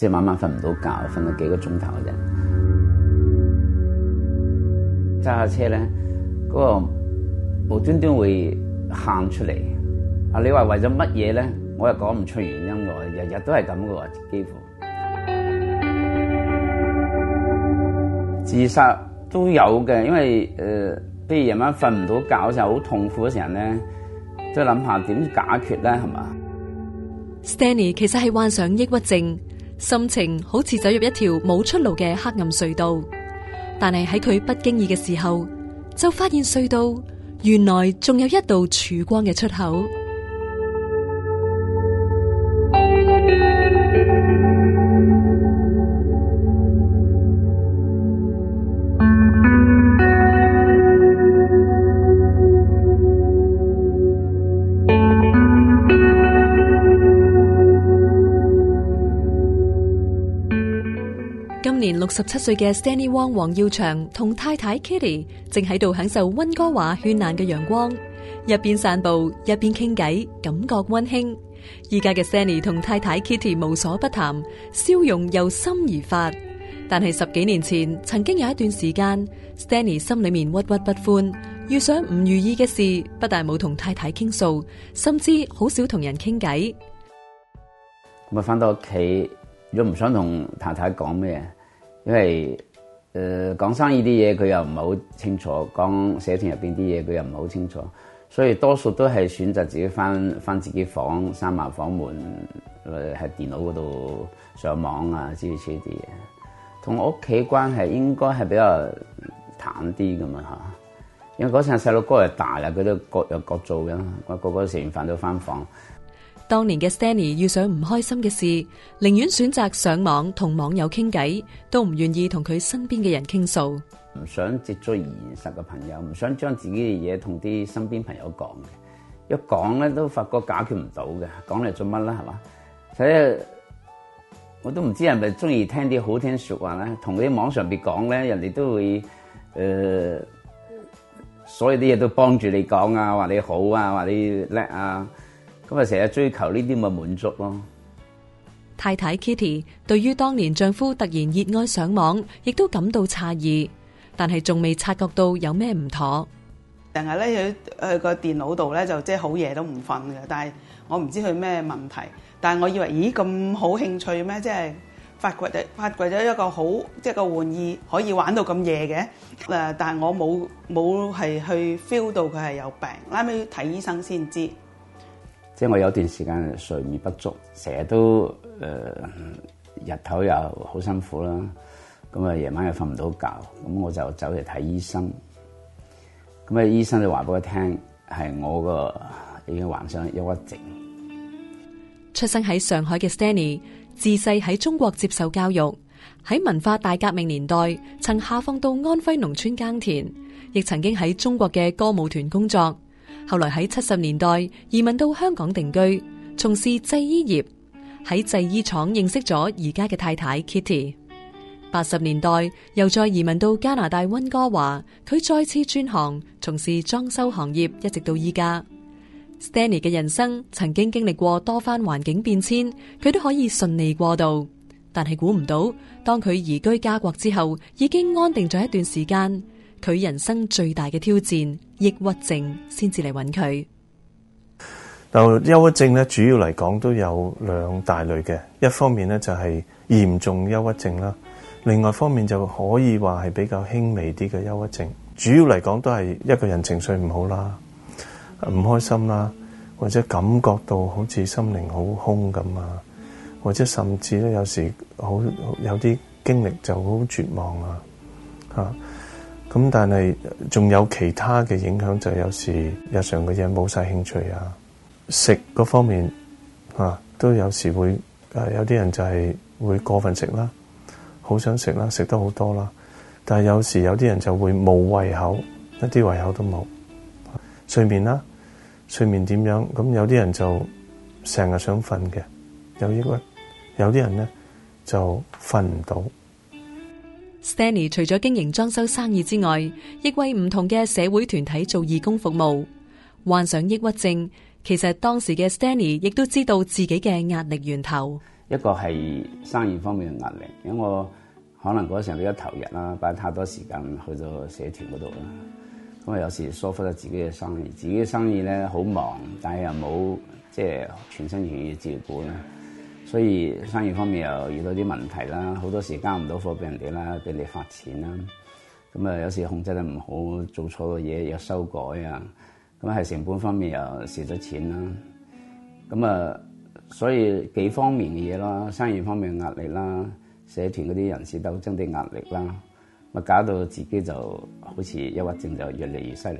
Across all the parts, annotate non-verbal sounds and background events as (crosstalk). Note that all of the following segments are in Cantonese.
即係晚晚瞓唔到覺，瞓咗幾個鐘頭嘅啫揸，下車咧，嗰、嗰個無端端會喊出嚟。啊，你話為咗乜嘢咧？我又講唔出原因嘅，日日都係咁嘅，幾乎 (music) 自殺都有嘅。因為誒，呃、譬如，夜晚瞓唔到覺嘅時候，好痛苦嘅時候咧，即係諗下點解決咧，係嘛？Stanley 其實係患上抑鬱症。心情好似走入一條冇出路嘅黑暗隧道，但係喺佢不經意嘅時候，就發現隧道原來仲有一道曙光嘅出口。十七歲嘅 Stanley Wong 黃耀祥同太太 Kitty 正喺度享受溫哥華絢爛嘅陽光，一邊散步一邊傾偈，感覺溫馨。依家嘅 Stanley 同太太 Kitty 無所不談，笑容由心而發。但係十幾年前，曾經有一段時間 Stanley 心裏面鬱鬱不歡，遇上唔如意嘅事，不但冇同太太傾訴，甚至好少同人傾偈。咁啊，翻到屋企，如果唔想同太太講咩？因為誒講、呃、生意啲嘢佢又唔係好清楚，講社團入邊啲嘢佢又唔係好清楚，所以多數都係選擇自己翻翻自己房閂埋房門誒喺電腦嗰度上網啊，之類之類啲嘢，同屋企關係應該係比較淡啲咁樣吓，因為嗰陣細佬哥係大啦，佢都各有各做嘅，我個個食完飯都翻房。當年嘅 Stanny 遇上唔開心嘅事，寧願選擇上網同網友傾偈，都唔願意同佢身邊嘅人傾訴。唔想接觸現實嘅朋友，唔想將自己嘅嘢同啲身邊朋友講嘅，一講咧都發覺解決唔到嘅，講嚟做乜啦係嘛？所以我都唔知係咪中意聽啲好聽說話咧，同啲網上邊講咧，人哋都會誒、呃，所有啲嘢都幫住你講啊，話你好啊，話你叻啊。咁咪成日追求呢啲咪滿足咯。太太 Kitty 對於當年丈夫突然熱愛上網，亦都感到詫異，但係仲未察覺到有咩唔妥不。但係咧，佢佢個電腦度咧就即係好夜都唔瞓嘅。但係我唔知佢咩問題。但係我以為，咦，咁好興趣咩？即係發掘了發掘咗一個好即係個玩意，可以玩到咁夜嘅。嗱，但係我冇冇係去 feel 到佢係有病。拉尾睇醫生先知。即係我有一段時間睡眠不足，成日都誒日頭又好辛苦啦，咁啊夜晚又瞓唔到覺，咁我就走嚟睇醫生。咁啊醫生就話俾我聽係我個已經患上憂鬱症。出生喺上海嘅 Stanley，自細喺中國接受教育，喺文化大革命年代曾下放到安徽農村耕田，亦曾經喺中國嘅歌舞團工作。後來喺七十年代移民到香港定居，從事製衣業，喺製衣廠認識咗而家嘅太太 Kitty。八十年代又再移民到加拿大溫哥華，佢再次轉行從事裝修行業，一直到依家。Stanley 嘅人生曾經經歷過多番環境變遷，佢都可以順利過渡，但係估唔到當佢移居家國之後，已經安定咗一段時間。佢人生最大嘅挑戰，抑鬱症先至嚟揾佢。但抑鬱症咧，主要嚟講都有兩大類嘅，一方面咧就係嚴重抑鬱症啦，另外方面就可以話係比較輕微啲嘅抑鬱症。主要嚟講都係一個人情緒唔好啦，唔開心啦，或者感覺到好似心靈好空咁啊，或者甚至咧有時好有啲經歷就好絕望啊，吓。咁但係仲有其他嘅影響，就有時日常嘅嘢冇晒興趣啊，食嗰方面啊都有時會，誒有啲人就係會過分食啦，好想食啦，食得好多啦，但係有時有啲人就會冇胃口，一啲胃口都冇，睡眠啦，睡眠點樣？咁有啲人就成日想瞓嘅，有抑鬱，有啲人咧就瞓唔到。Stanley 除咗經營裝修生意之外，亦為唔同嘅社會團體做義工服務。患上抑鬱症，其實當時嘅 Stanley 亦都知道自己嘅壓力源頭。一個係生意方面嘅壓力，因為我可能嗰時候比較投入啦，擺太多時間去到社團嗰度啦，咁啊有時疏忽咗自己嘅生意。自己嘅生意咧好忙，但係又冇即係全心全意照顧啦。所以生意方面又遇到啲問題啦，好多時交唔到貨俾人哋啦，俾你發錢啦。咁啊，有時控制得唔好，做錯嘅嘢有修改啊。咁係成本方面又蝕咗錢啦。咁啊，所以幾方面嘅嘢啦，生意方面嘅壓力啦，社團嗰啲人事鬥爭嘅壓力啦，咪搞到自己就好似抑鬱症就越嚟越犀利。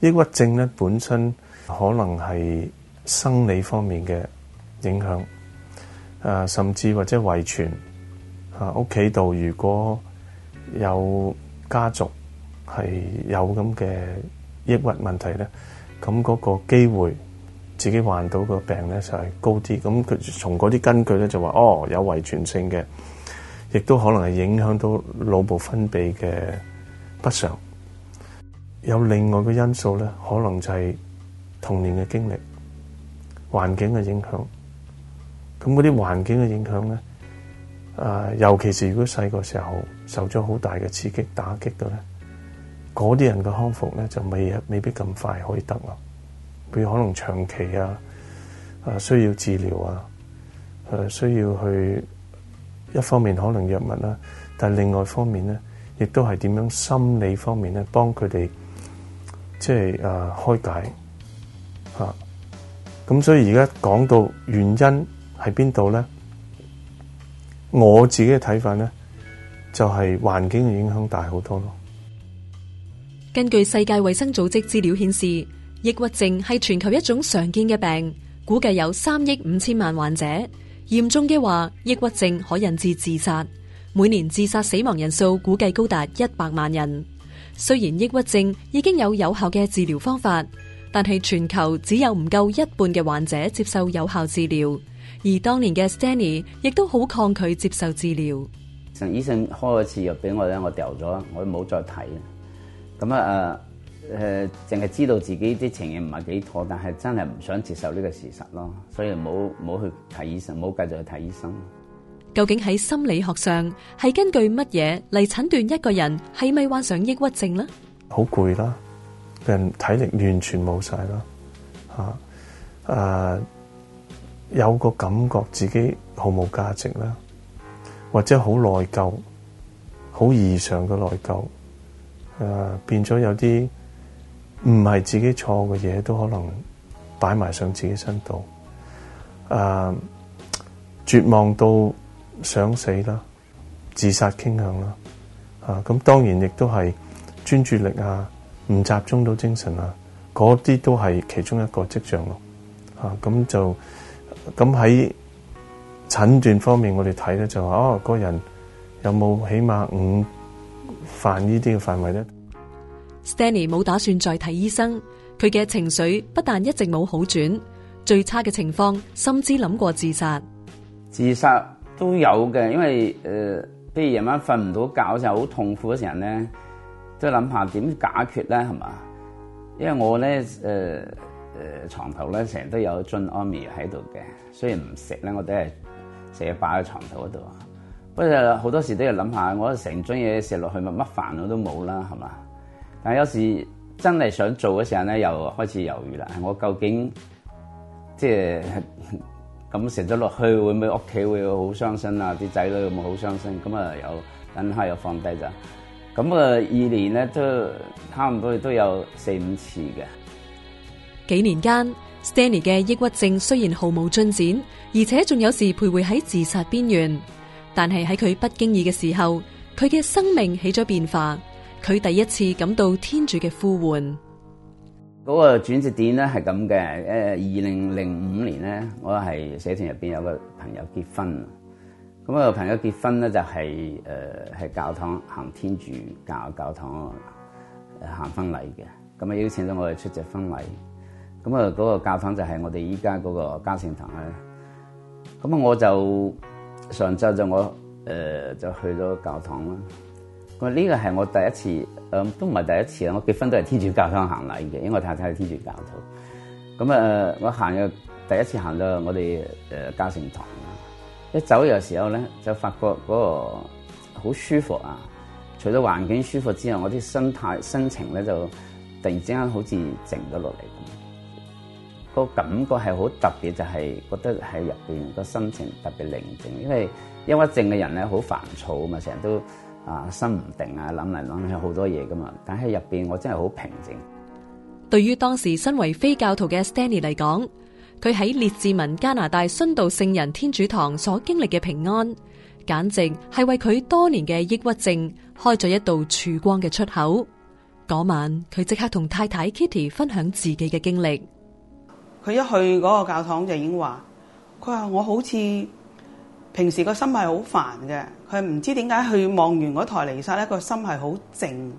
抑鬱症咧本身可能係生理方面嘅影響。誒，甚至或者遺傳，啊，屋企度如果有家族係有咁嘅抑鬱問題咧，咁嗰個機會自己患到個病咧就係高啲。咁佢從嗰啲根據咧就話，哦，有遺傳性嘅，亦都可能係影響到腦部分泌嘅不常。有另外嘅因素咧，可能就係童年嘅經歷，環境嘅影響。咁嗰啲環境嘅影響咧，誒，尤其是如果細個時候受咗好大嘅刺激打擊嘅咧，嗰啲人嘅康復咧就未未必咁快可以得咯。譬如可能長期啊，啊需要治療啊，誒、啊，需要去一方面可能藥物啦、啊，但係另外方面咧，亦都係點樣心理方面咧，幫佢哋即係誒、啊、開解吓。咁、啊、所以而家講到原因喺邊度呢？我自己嘅睇法呢，就係環境嘅影響大好多咯。根據世界衛生組織資料顯示，抑鬱症係全球一種常見嘅病，估計有三億五千萬患者。嚴重嘅話，抑鬱症可引致自殺，每年自殺死亡人數估計高達一百萬人。雖然抑鬱症已經有有效嘅治療方法，但係全球只有唔夠一半嘅患者接受有效治療。而當年嘅 Stanley 亦都好抗拒接受治療，陳醫生開個治藥俾我咧，我掉咗，我都冇再睇。咁啊誒，淨係知道自己啲情形唔係幾妥，但係真係唔想接受呢個事實咯，所以冇冇去睇醫生，冇繼續去睇醫生。究竟喺心理學上係根據乜嘢嚟診斷一個人係咪患上抑鬱症咧？好攰啦，病人體力完全冇晒啦，吓誒。有個感覺自己毫無價值啦，或者好內疚，好異常嘅內疚，誒、呃，變咗有啲唔係自己錯嘅嘢，都可能擺埋上自己身度，啊、呃、絕望到想死啦，自殺傾向啦，咁、啊、當然亦都係專注力啊，唔集中到精神啊，嗰啲都係其中一個跡象咯，咁、啊、就。咁喺診斷方面我們看、就是，我哋睇咧就話哦，個人有冇起碼五範這些範圍呢啲嘅範圍咧？Stanley 冇打算再睇醫生，佢嘅情緒不但一直冇好轉，最差嘅情況，甚至諗過自殺。自殺都有嘅，因為誒，譬、呃、如夜晚瞓唔到覺嘅時候，好痛苦嘅時候咧，都諗下點解決咧，係嘛？因為我咧誒。呃呃、牀頭咧成日都有樽安眠喺度嘅，雖然唔食咧，我都係成日擺喺床頭嗰度。不過好多時都要諗下，我成樽嘢食落去，乜乜煩我都冇啦，係嘛？但係有時真係想做嘅時候咧，又開始猶豫啦。我究竟即係咁食咗落去，會唔會屋企會好傷心啊？啲仔女會唔會有冇好傷心？咁啊，又等下又放低咋。咁、呃、啊。二年咧都差唔多都有四五次嘅。幾年間，Stanley 嘅抑鬱症雖然毫無進展，而且仲有時徘徊喺自殺邊緣。但係喺佢不經意嘅時候，佢嘅生命起咗變化。佢第一次感到天主嘅呼喚。嗰個轉折點咧係咁嘅，誒，二零零五年咧，我係社團入邊有個朋友結婚，咁啊個朋友結婚咧就係誒係教堂行天主教教堂行婚禮嘅，咁啊邀請咗我哋出席婚禮。咁啊，個教堂就係我哋依家個嘉誠堂咧。咁啊，我就上週就我誒、呃、就去咗教堂啦。咁啊，呢個係我第一次，誒、呃、都唔係第一次啊，我結婚都係天主教堂行禮嘅，因為我太太係天主教徒，咁啊，我行嘅第一次行到我哋誒嘉誠堂啦。一走嘅時候咧，就發覺個好舒服啊。除咗環境舒服之外，我啲心態心情咧就突然之間好似靜咗落嚟。個感覺係好特別，就係、是、覺得喺入邊個心情特別寧靜。因為抑鬱症嘅人咧，好煩躁啊，成日都啊心唔定啊，諗嚟諗去好多嘢噶嘛。但係入邊，我真係好平靜。對於當時身為非教徒嘅 Stanley 嚟講，佢喺列治文加拿大殉道聖人、聖人天主堂所經歷嘅平安，簡直係為佢多年嘅抑鬱症開咗一道曙光嘅出口。嗰晚，佢即刻同太太 Kitty 分享自己嘅經歷。佢一去嗰個教堂就已經話：佢話我好似平時個心係好煩嘅，佢唔知點解去望完嗰台彌撒，個心係好靜。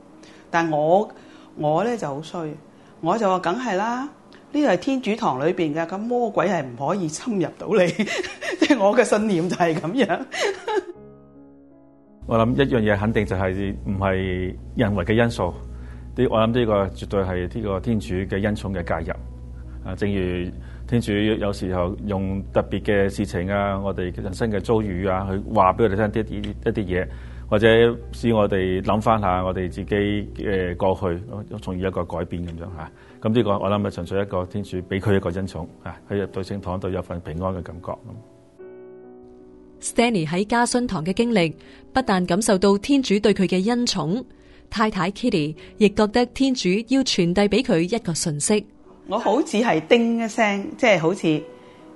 但係我我咧就好衰，我就話梗係啦，呢度係天主堂裏邊嘅，咁魔鬼係唔可以侵入到你，即 (laughs) 係我嘅信念就係咁樣。 (laughs) 我諗一樣嘢肯定就係唔係人為嘅因素，啲我諗呢個絕對係呢個天主嘅恩寵嘅介入。啊，正如天主有時候用特別嘅事情啊，我哋人生嘅遭遇啊，去話俾我哋聽一啲一啲嘢，或者使我哋諗翻下我哋自己嘅過去，從而一個改變咁樣吓。咁呢個我諗係純粹一個天主俾佢一個恩寵，喺入對聖堂度有份平安嘅感覺。Stanley 喺加信堂嘅經歷，不但感受到天主對佢嘅恩寵，太太 Kitty 亦覺得天主要傳遞俾佢一個訊息。我好似係叮一聲，即係好似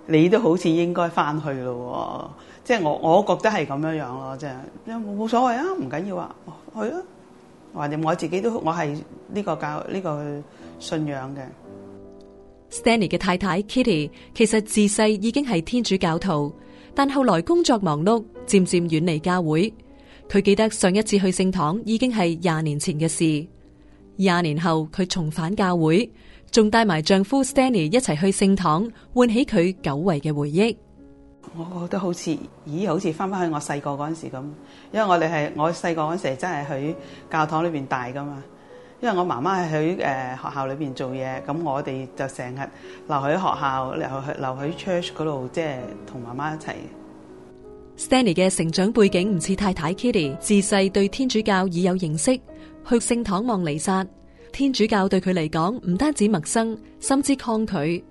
你都好似應該翻去咯。即係我，我覺得係咁樣樣咯，即係冇冇所謂啊，唔緊要啊，去啊。或者我自己都我係呢個教呢個信仰嘅。Stanley 嘅太太 Kitty 其實自細已經係天主教徒，但後來工作忙碌，漸漸遠離教會。佢記得上一次去聖堂已經係廿年前嘅事。廿年後佢重返教會。仲帶埋丈夫 Stanley 一齊去聖堂，喚起佢久違嘅回憶。我覺得好似，咦，好似翻返去我細個嗰陣時咁。因為我哋係我細個嗰陣時真係喺教堂裏邊大噶嘛。因為我媽媽係喺誒學校裏邊做嘢，咁我哋就成日留喺學校，留留喺 church 嗰度，即係同媽媽一齊。Stanley 嘅成長背景唔似太太 Kitty，自細對天主教已有認識，去聖堂望彌撒。天主教對佢嚟講唔單止陌生，甚至抗拒。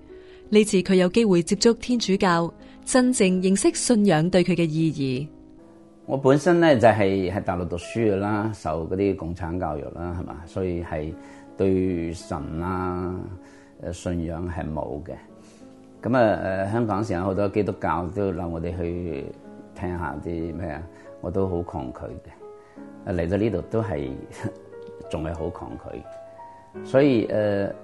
呢次佢有機會接觸天主教，真正認識信仰對佢嘅意義。我本身咧就係喺大陸讀書噶啦，受嗰啲共產教育啦，係嘛，所以係對神啦誒，信仰係冇嘅。咁啊誒，香港成日好多基督教都留我哋去聽下啲咩啊，我都好抗拒嘅。嚟到呢度都係仲係好抗拒。所以誒、呃，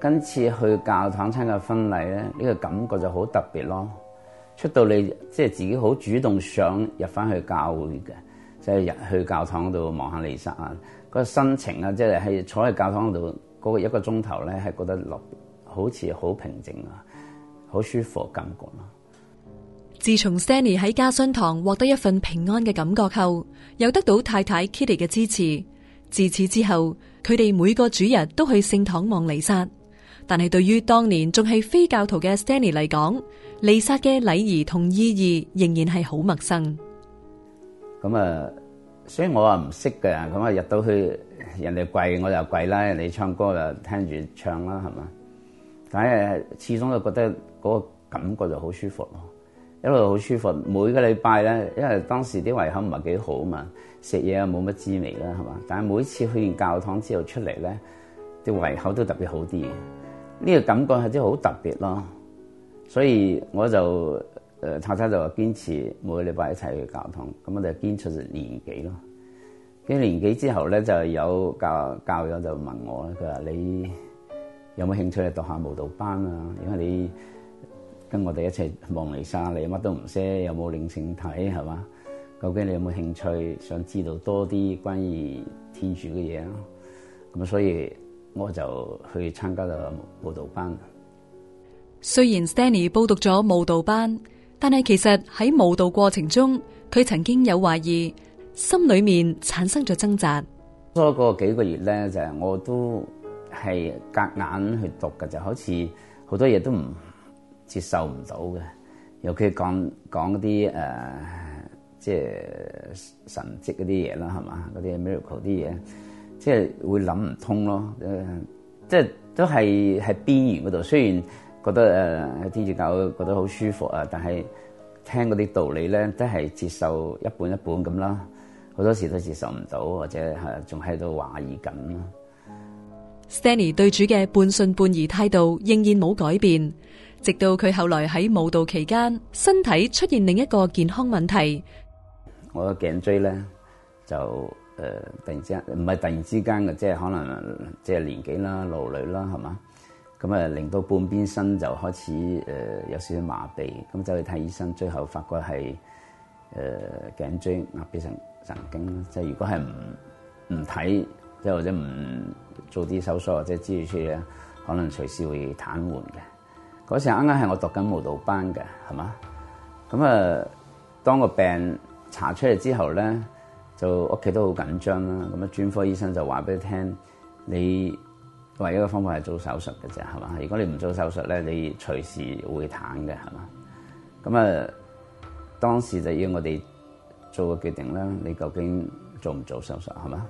今次去教堂參加婚禮咧，呢個感覺就好特別咯。出到你，即係自己好主動想入翻去教會嘅，即係入去教堂度望下禮室啊。嗰個心情啊，即係喺坐喺教堂度嗰一個鐘頭咧，係覺得落好似好平靜啊，好舒服嘅感覺咯。自從 Sunny 喺家信堂獲得一份平安嘅感覺後，又得到太太 Kitty 嘅支持。自此之後，佢哋每個主日都去聖堂望彌撒，但係對於當年仲係非教徒嘅 Stanley 嚟講，彌撒嘅禮儀同意義仍然係好陌生。咁啊，雖然我啊唔識嘅，咁啊入到去人哋跪我就跪啦，人哋唱歌就聽住唱啦，係嘛，反正始終都覺得嗰個感覺就好舒服咯。一路好舒服，每個禮拜咧，因為當時啲胃口唔係幾好嘛，食嘢啊冇乜滋味啦，係嘛？但係每次去完教堂之後出嚟咧，啲胃口都特別好啲，呢、這個感覺係真係好特別咯。所以我就誒、呃、太太就話堅持每個禮拜一齊去教堂，咁我就堅持咗年幾咯。幾年幾之後咧，就有教教友就問我咧，佢話你有冇興趣去讀下舞蹈班啊？因為你。跟我哋一齊望嚟沙，你乜都唔識，有冇靈性睇，係嘛？究竟你有冇興趣，想知道多啲關於天主嘅嘢咯？咁所以我就去參加咗舞蹈班。雖然 Stanley 報讀咗舞蹈班，但係其實喺舞蹈過程中，佢曾經有懷疑，心裏面產生咗掙扎。多過幾個月咧，就係、我都係夾硬去讀嘅，就好似好多嘢都唔接受唔到嘅，尤其講講啲誒，即係神蹟嗰啲嘢啦，係嘛，嗰啲 miracle 啲嘢，即係會諗唔通咯。誒、呃，即係都係喺邊緣嗰度。雖然覺得誒喺、呃、天主教會覺得好舒服啊，但係聽嗰啲道理咧，都係接受一半一半咁啦。好多時都接受唔到，或者係仲喺度懷疑緊。Stanley 對主嘅半信半疑態度仍然冇改變。直到佢後來喺舞蹈期間，身體出現另一個健康問題。我個頸椎咧就誒、突然之間，唔、呃、係突然之間嘅，即係可能即係年紀啦、勞累啦，係嘛咁啊，令到半邊身就開始誒、呃、有少少麻痹，咁走去睇醫生，最後發覺係誒、呃、頸椎壓迫神神經，即係如果係唔唔睇，即係或者唔做啲手術或者治療咧，可能隨時會癱瘓嘅。嗰時啱啱係我讀緊舞蹈班嘅，係嘛？咁啊，當個病查出嚟之後咧，就屋企都好緊張啦。咁啊，專科醫生就話俾你聽，你唯一嘅方法係做手術嘅啫，係嘛？如果你唔做手術咧，你隨時會癱嘅，係嘛？咁啊，當時就要我哋做個決定啦，你究竟做唔做手術，係嘛？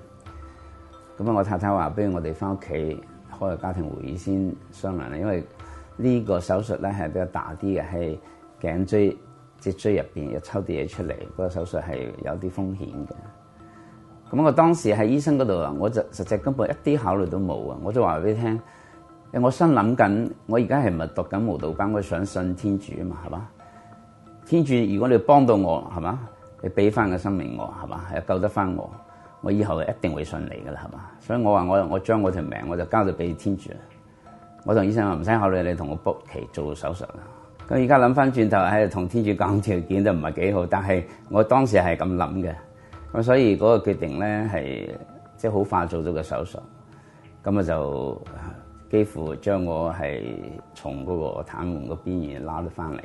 咁啊，我太太話：不如我哋翻屋企開個家庭會議先商量啦，因為，呢個手術咧係比較大啲嘅，係頸椎、脊椎入邊又抽啲嘢出嚟。嗰個手術係有啲風險嘅。咁我當時喺醫生嗰度啊，我就實際根本一啲考慮都冇啊。我就話俾你聽，我心諗緊，我而家係咪係讀緊慕道班？我想信天主啊嘛，係嘛？天主，如果你幫到我，係嘛？你俾翻個生命我，係嘛？係救得翻我，我以後一定會信你噶啦，係嘛？所以我話我我將我條命我就交咗俾天主。我同醫生話唔使考慮你同我 book 期做手術啦。咁而家諗翻轉頭喺度同天主講條件都唔係幾好，但係我當時係咁諗嘅。咁所以嗰個決定咧係即係好快做咗個手術。咁啊就幾乎將我係從嗰個癱瘓嘅邊緣拉咗翻嚟。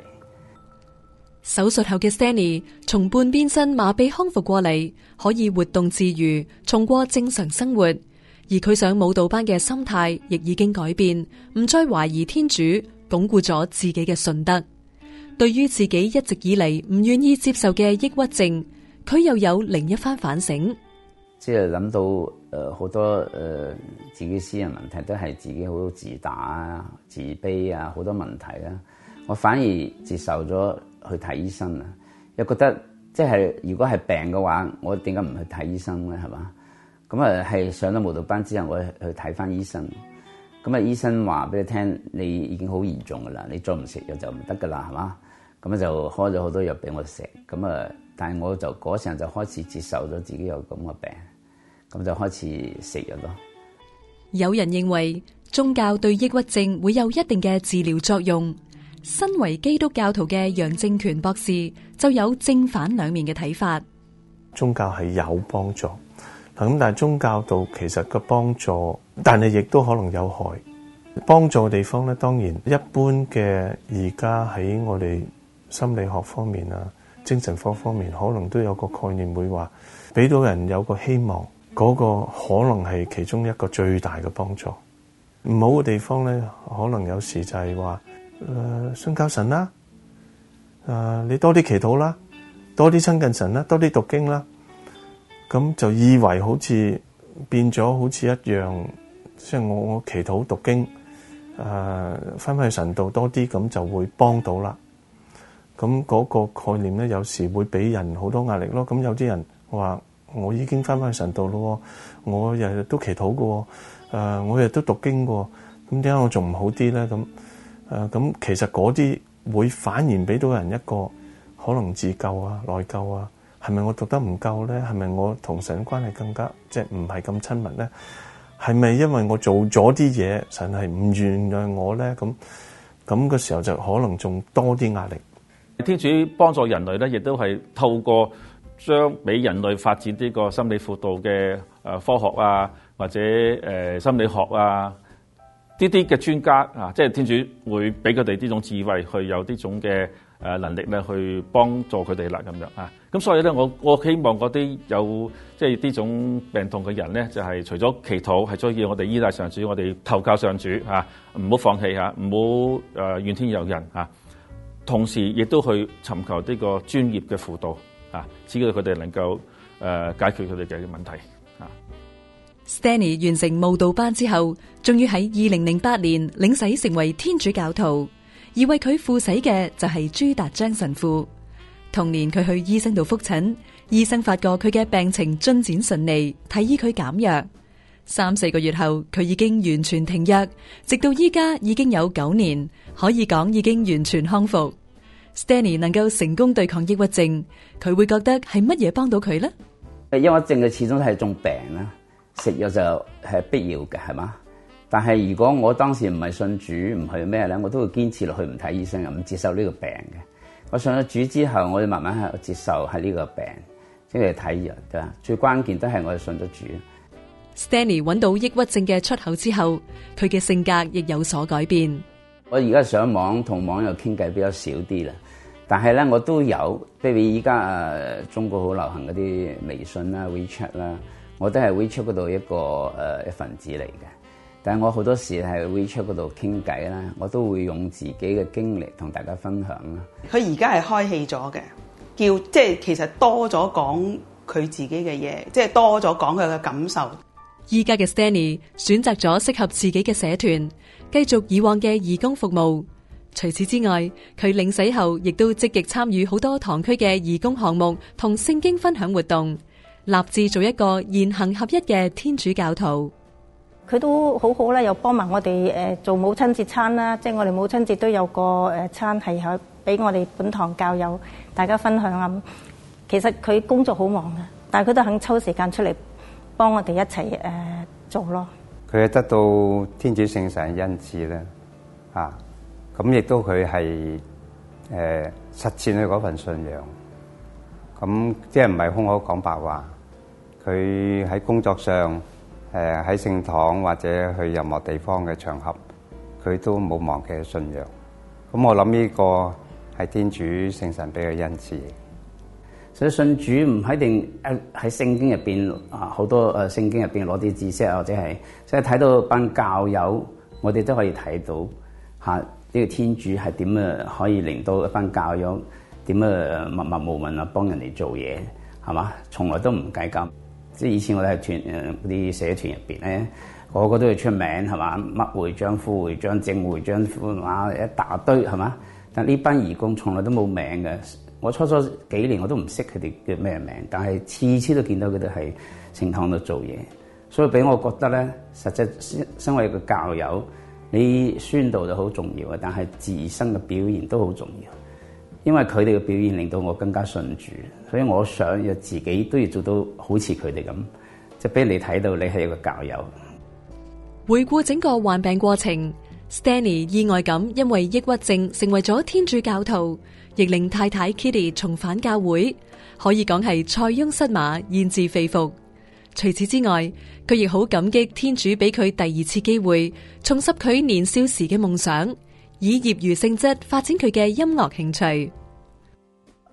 手術後嘅 Stanley 從半邊身麻痹康復過嚟，可以活動自如，重過正常生活。而佢上舞蹈班嘅心態亦已經改變，唔再懷疑天主，鞏固咗自己嘅信德。對於自己一直以嚟唔願意接受嘅抑鬱症，佢又有另一番反省。即係諗到誒，好、呃、多誒、呃、自己私人問題都係自己好自大啊、自卑啊，好多問題啊，我反而接受咗去睇醫生啊，又覺得即係、就是、如果係病嘅話，我點解唔去睇醫生咧？係嘛？咁啊，係上咗舞蹈班之後，我去睇翻醫生。咁啊，醫生話俾你聽，你已經好嚴重噶啦，你再唔食藥就唔得噶啦，係嘛？咁啊，就開咗好多藥俾我食。咁啊，但係我就嗰時候就開始接受咗自己有咁嘅病，咁就開始食藥咯。有人認為宗教對抑鬱症會有一定嘅治療作用。身為基督教徒嘅楊正權博士就有正反兩面嘅睇法。宗教係有幫助。咁但係宗教道其實個幫助，但係亦都可能有害。幫助嘅地方咧，當然一般嘅而家喺我哋心理學方面啊、精神科方面，可能都有個概念會話，俾到人有個希望，嗰個可能係其中一個最大嘅幫助。唔好嘅地方咧，可能有時就係話，誒，信教神啦，誒，你多啲祈禱啦，多啲親近神啦，多啲讀經啦。咁就以為好似變咗好似一樣，即係我我祈禱、讀經，誒翻返去神道多啲咁就會幫到啦。咁嗰個概念咧，有時會俾人好多壓力咯。咁有啲人話：我已經翻返去神道咯，我日日都祈禱嘅，誒、呃、我日日都讀經㗎。咁點解我仲唔好啲咧？咁誒咁其實嗰啲會反而俾到人一個可能自救啊、內疚啊。係咪我讀得唔夠咧？係咪我同神嘅關係更加即係唔係咁親密咧？係咪因為我做咗啲嘢，神係唔原諒我咧？咁咁嘅時候就可能仲多啲壓力。天主幫助人類咧，亦都係透過將俾人類發展呢個心理輔導嘅誒科學啊，或者誒、呃、心理學啊，啲啲嘅專家啊，即係天主會俾佢哋呢種智慧去有呢種嘅。誒能力咧去幫助佢哋啦咁樣啊，咁所以咧，我我希望嗰啲有即係呢種病痛嘅人咧，就係除咗祈禱，係需要我哋依賴上主，我哋投靠上主啊，唔好放棄嚇，唔好誒怨天尤人嚇，同時亦都去尋求呢個專業嘅輔導啊，只夠佢哋能夠誒解決佢哋嘅問題啊。Stanley 完成慕道班之後，終於喺二零零八年領洗成為天主教徒。而為佢服死嘅就係朱達張神父。同年佢去醫生度覆診，醫生發覺佢嘅病情進展順利，提議佢減藥。三四個月後，佢已經完全停藥，直到依家已經有九年，可以講已經完全康復。Stanley 能夠成功對抗抑鬱症，佢會覺得係乜嘢幫到佢咧？抑鬱症嘅始終係種病啦，食藥就係必要嘅，係嘛？但係如果我當時唔係信主唔去咩咧，我都會堅持落去，唔睇醫生，唔接受呢個病嘅。我信咗主之後，我哋慢慢係接受係呢個病，即係睇藥噶。最關鍵都係我哋信咗主。Stanley 揾到抑鬱症嘅出口之後，佢嘅性格亦有所改變。我而家上網同網友傾偈比較少啲啦，但係咧，我都有，比如依家中國好流行嗰啲微信啦、WeChat 啦，我都係 WeChat 嗰度一個誒一份子嚟嘅。但係我好多時喺 WeChat 嗰度傾偈啦，我都會用自己嘅經歷同大家分享啦。佢而家係開戲咗嘅，叫即係其實多咗講佢自己嘅嘢，即係多咗講佢嘅感受。依家嘅 Stanny 選擇咗適合自己嘅社團，繼續以往嘅義工服務。除此之外，佢領洗後亦都積極參與好多堂區嘅義工項目同聖經分享活動，立志做一個言行合一嘅天主教徒。佢都好好啦，又幫埋我哋誒做母親節餐啦，即係我哋母親節都有個誒餐係喺俾我哋本堂教友大家分享啊。其實佢工作好忙嘅，但係佢都肯抽時間出嚟幫我哋一齊誒做咯。佢得到天主聖神嘅恩賜咧，啊，咁亦都佢係誒實踐佢嗰份信仰，咁即係唔係空口講白話，佢喺工作上。誒喺聖堂或者去任何地方嘅場合，佢都冇忘記信仰。咁我諗呢個係天主聖神俾嘅恩賜。所以信主唔一定喺聖經入邊啊，好多誒聖經入邊攞啲知識啊，或者係即係睇到一班教友，我哋都可以睇到嚇呢個天主係點啊，可以令到一班教友點啊，默默無聞啊，幫人哋做嘢係嘛，從來都唔計較。即係以前我哋係團誒啲社團入邊咧，個個都要出名係嘛，乜會長副會長正會長副啊一大堆係嘛，但呢班義工從來都冇名嘅。我初初幾年我都唔識佢哋叫咩名，但係次次都見到佢哋係成堂度做嘢，所以俾我覺得咧，實際身為一個教友，你宣道就好重要啊，但係自身嘅表現都好重要。因為佢哋嘅表現令到我更加信主，所以我想要自己都要做到好似佢哋咁，即係俾你睇到你係一個教友。回顧整個患病過程，Stanley 意外咁因為抑鬱症成為咗天主教徒，亦令太太 Kitty 重返教會，可以講係塞翁失馬，焉知非福。除此之外，佢亦好感激天主俾佢第二次機會，重拾佢年少時嘅夢想。以業餘性質發展佢嘅音樂興趣。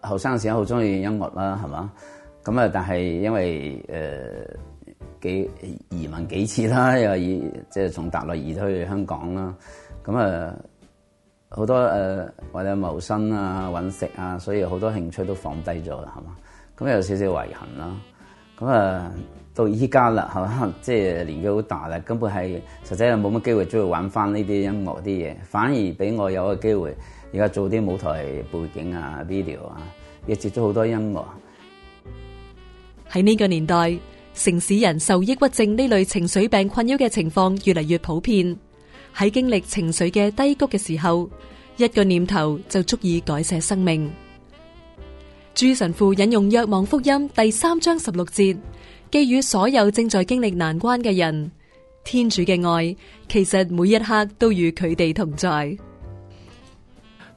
後生時好中意音樂啦，係嘛？咁啊，但係因為誒、呃、幾移民幾次啦，又以即係從大陸移去香港啦，咁啊好多誒或者謀生啊、搵食啊，所以好多興趣都放低咗啦，係嘛？咁有少少遺憾啦，咁啊。呃到依家啦，係嘛？即係年紀好大啦，根本係實際上冇乜機會鍾意玩翻呢啲音樂啲嘢，反而俾我有個機會而家做啲舞台背景啊、video 啊，亦接咗好多音樂。喺呢個年代，城市人受抑鬱症呢類情緒病困擾嘅情況越嚟越普遍。喺經歷情緒嘅低谷嘅時候，一個念頭就足以改寫生命。諸神父引用《若望福音》第三章十六節，寄予所有正在經歷難關嘅人。天主嘅愛其實每一刻都與佢哋同在。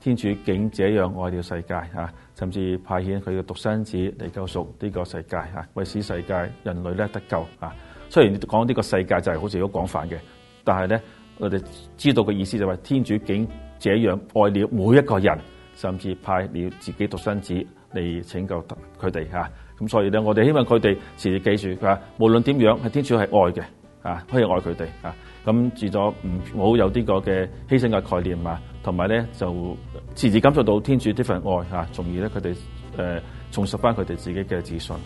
天主竟這樣愛了世界啊！甚至派遣佢嘅獨生子嚟救贖呢個世界啊，為使世界人類咧得救啊。雖然你講呢個世界就係好似好廣泛嘅，但係咧我哋知道嘅意思就係、是、天主竟這樣愛了每一個人，甚至派了自己獨生子。嚟拯救佢哋吓，咁所以咧，我哋希望佢哋自己記住，無論點樣，天主係愛嘅，啊，可以愛佢哋啊，咁至少唔好有呢個嘅犧牲嘅概念啊，同埋咧就時時感受到天主呢份愛吓，從而咧，佢哋誒重拾翻佢哋自己嘅自信。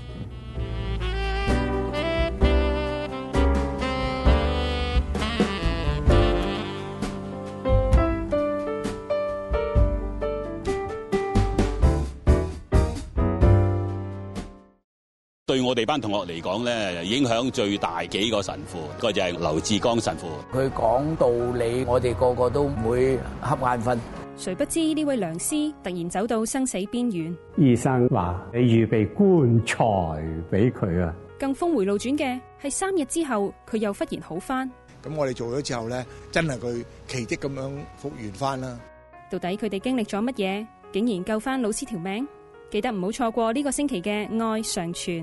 對我哋班同學嚟講咧，影響最大幾個神父，個就係劉志剛神父。佢講道理，我哋個個都唔會瞌眼瞓。誰不知呢位良師突然走到生死邊緣？醫生話：你預備棺材俾佢啊！更峰迴路轉嘅係三日之後，佢又忽然好翻。咁我哋做咗之後咧，真係佢奇迹咁樣復原翻啦！到底佢哋經歷咗乜嘢，竟然救翻老師條命？記得唔好錯過呢個星期嘅《愛常傳》。